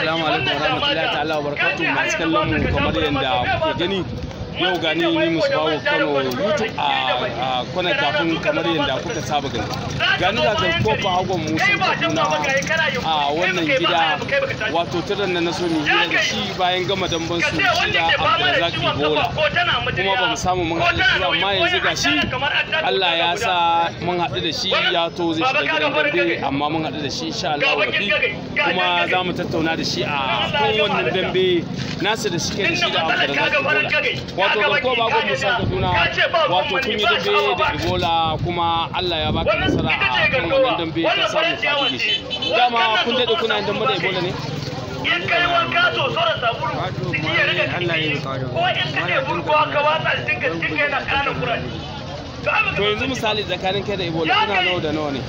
assalamu alaikum warahmatullahi ta'ala wa barakatuh masu kallon mu kamar yadda kuke gani yau gani ni musu bawo kano yutu a ah, ah, kwana kafin kamar yadda kuka saba gani gani da zai kofa hagon musu kuna a ah, wannan gida wato tiran na naso mu hira da shi bayan gama damban su shi da abdulrazak bola kuma ba mu samu mun haɗu shi amma yanzu ga shi Allah ya sa mun haɗu da shi ya to zai shiga gidan dambe amma mun haɗu da shi insha Allah rabbi kuma za mu tattauna da shi a kowanne dambe nasu da suke da shi da abdulrazak bola wato garkuwa bagon musa kaduna wato kun yi dambe da ebola kuma allah ya baka nasara a kan wannan dambe da samun fadi da shi dama kun daɗe kuna yin dambe da ebola ne in kai wanka so so da sabulu su iya rika ciki ko in ka ne burkuwa ka watsa shi dinga dinga yana ƙarin kurani to yanzu misali tsakanin kai da ebola ina nawa da nawa ne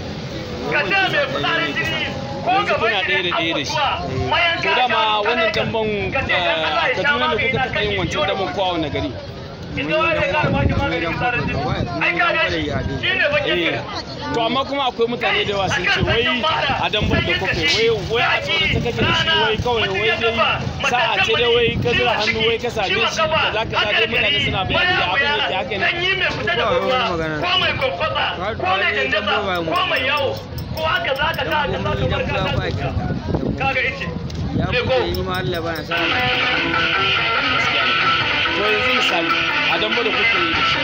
ka ce mai fitsarin jini ko gaba ne da ɗaya da shi eh. to dama wannan damban ne kuka taɓa yin wancan damar ko a wani gari eh, to amma kuma akwai mutane da yawa sun wai a dambar da wai wai a tsoron ta kake shi wai kawai wai dai a ce wai ka zira hannu wai ka same shi da za dai mutane suna bayani da abin haka ne ko mai kwakwata ko mai ko mai yawo ko haka za ka kaga ice ya ko ni ma Allah ba na sa to yanzu misali a dan da kuke yi da shi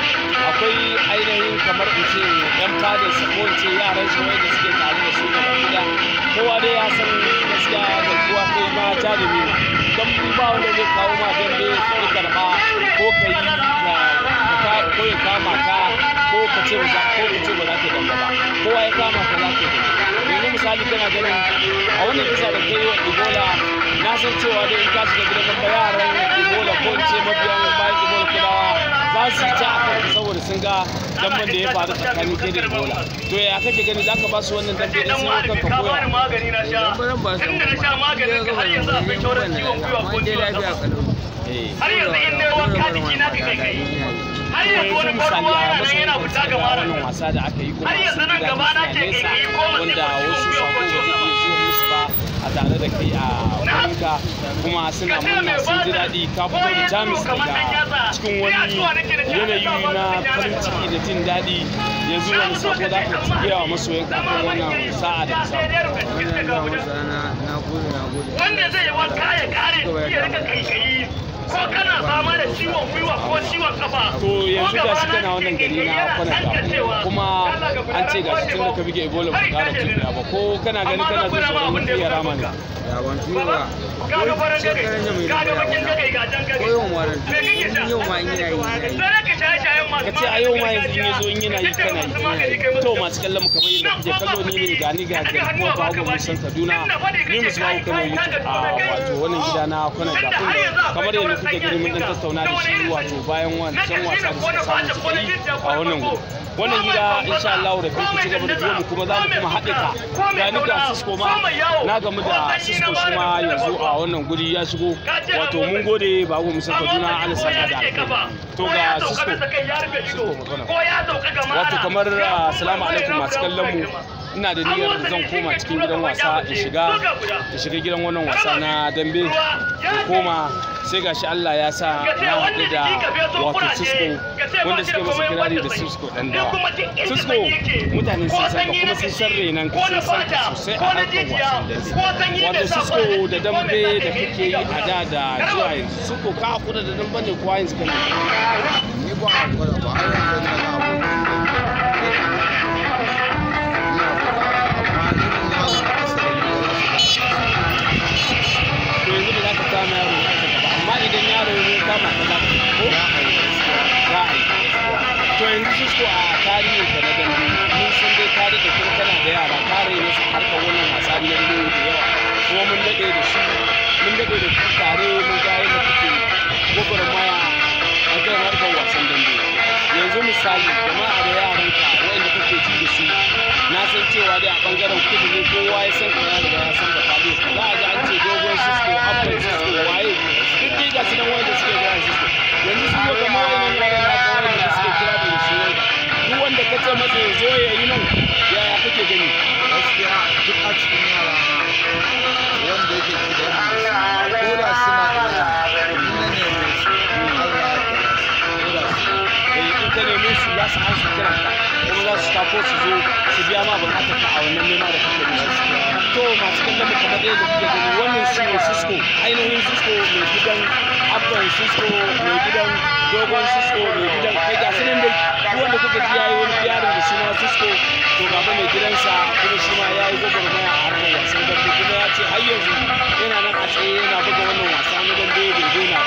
akwai ainihin kamar in ce dan fadin sa ko in ce yaran shi wanda suke tare da su da gida kowa dai ya san gaskiya da kowa kai ma jarumi ne dan ba wanda zai kawo ma dan dai sai karba ko kai ka ko ya kama ka ko ka ce ba za ka danga ba kowa ya kama ka za ka danga misali kana gani a wannan kisa da kai wa ebola na san cewa dai in ka shiga gidan nan ba yaran ebola ko in ce mabiyan bayan ebola kulawa za su yi ta akan saboda sun ga damban da ya faru tsakanin kai da ebola to ya kake gani za ka ba su wannan dambe da sai wakan ka koya magani na sha na sha har yanzu akwai ciwon gwiwa ko ciwon eh. har yanzu jiki na ka kai har yanzu wani farko yana yana fita ga wannan wasa da aka yi kuma har yanzu nan gaba na ke kai ko wanda wasu sako ba zai iya zuwa musu ba a tare da kai a wanka kuma suna murna sun ji daɗi ka fito da jamus daga cikin wani yanayi na farin ciki da jin daɗi yanzu wani sako da ka gaya wa masoyan akan wannan sa'a da ka samu wanda zai wanka ya kare ya rika kai kai ko kana fama da ciwon gwiwa ko ciwon kafa to yanzu ga shi kana wannan gari na kwana kuma an ce ga tun da ka bige ebola ba ƙara tubiya ba ko kana gani kana jin tsoron iya rama ne yawan tuwa ko shekaran yamin da ya ga ko yawan warin yau ma in yana yi ka ce a yau ma yanzu ne zo in yana yi kana yi to masu kallon mu kamar yadda kuke kallo ni ne gani ga kuma ba ku mun Kaduna ni musu ba ku yi a wato wannan gida na kuna da kun kamar yadda kuke gani mun dan tattauna da shi wato bayan wancan wasa da suka samu yi a wannan gobe wannan gida insha Allah da kuma ci gaba da zuwa mu kuma za mu kuma haɗe ka ga ni ga Cisco ma na gamu da Cisco shi ma yanzu a wannan guri ya shigo wato mun gode ba ku mun san Kaduna Allah saka da to ga Cisco ko ya sauka ga mara wato kamar ah, assalamu alaikum masu kallon mu ina da niyyar zan koma cikin gidan wasa in shiga in shiga gidan wannan wasa na dambe in koma sai gashi Allah ya sa na haɗu da wato Cisco wanda suke masu kirari da Cisco ɗan dawa Cisco mutane sun san kuma sun san renan ka sun san ka sosai a harkar wasan dambe wato Cisco da dambe da kake yi a da da zuwa yanzu Cisco ka haƙura da dambe ne kuwa yanzu kana ni ba haƙura ba har yanzu na kan yaro ya isa gaba amma idan yaro ya kama ta za ko za a yi za a yi to yanzu ko a tarihin ka na dambe mun san dai ka da kun kana da yara ka raina su harkar wannan wasa na dambe da yawa kuma mun daɗe da shi mun daɗe da ku tare mun ga yadda kuke a kan harkar wasan dambe yanzu misali jama'a da yaranka wanda kake ci da su na san cewa dai a bangaren kudu ne kowa ya san ka da ya san da gani gaskiya duk a cikin yara wanda yake gidan ko da suna ina ne su Allah ya kira su ko da su eh, su za su kuma za su su zo su biya ma bukatar ka a wannan nema da kake musu to masu yadda kuke gani wannan shi ne Cisco ainihin Cisco mai gidan Cisco mai gidan Dogon Cisco mai gidan kai ga dai wanda kuka ji yayi wani yaron da suna Cisco to gaba mai gidansa kuma shi ma ya yi gwagwarmaya a harkar wasan dambe kuma ya ce har yanzu yana nan a tsaye yana buga wannan wasa na dambe dindina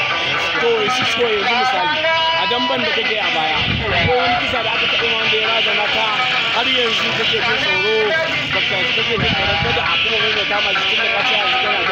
to shi so yanzu misali a damben da kake a baya ko wani kisa da aka taɓa wanda ya razana ka har yanzu kake jin tsoro baka kake jin tsoron kada a kuma wani ta ma jikin da ka ce a jikin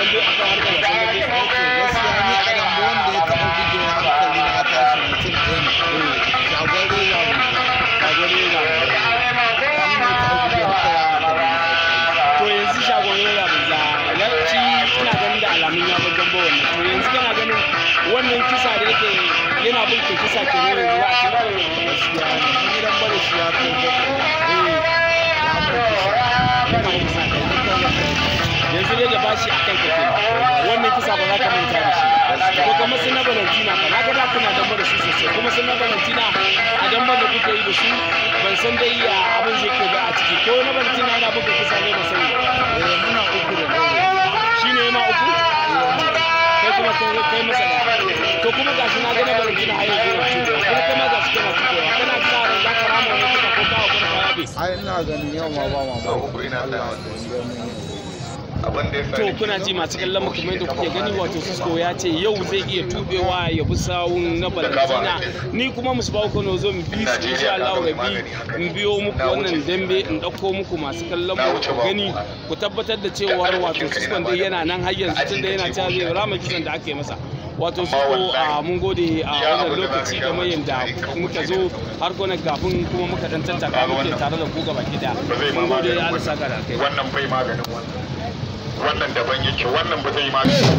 kisa ke ne zuwa a cikin gaskiya ne gidan bari shi ya kai da yanzu dai da bashi akan ka ke wannan kisa ba za ka manta da shi ko kuma sun na valentina ba na gada kuna dan da su sosai kuma sun na valentina a dan da kuka yi da su ban san dai ya abin zai ke ba a ciki ko kuna ji masu kallon mu kamar yadda kuke gani wato Cisco ya ce yau zai iya tubewa ya bi sawun na Balanzina ni kuma musu bawo Kano zo mu bi su insha Allah rabi mu biyo muku wannan dambe in dauko muku masu kallon mu gani ku tabbatar da cewa wato Cisco dai yana nan har yanzu tunda yana cewa zai rama kisan da aka yi masa wato su a ah, mun gode a wannan lokaci game yadda muka zo har gona gafin kuma muka dan tattaka muke tare da ku gaba gida mun gode Allah saka da kai wannan bai maganin wannan wannan daban yake wannan ba zai maganin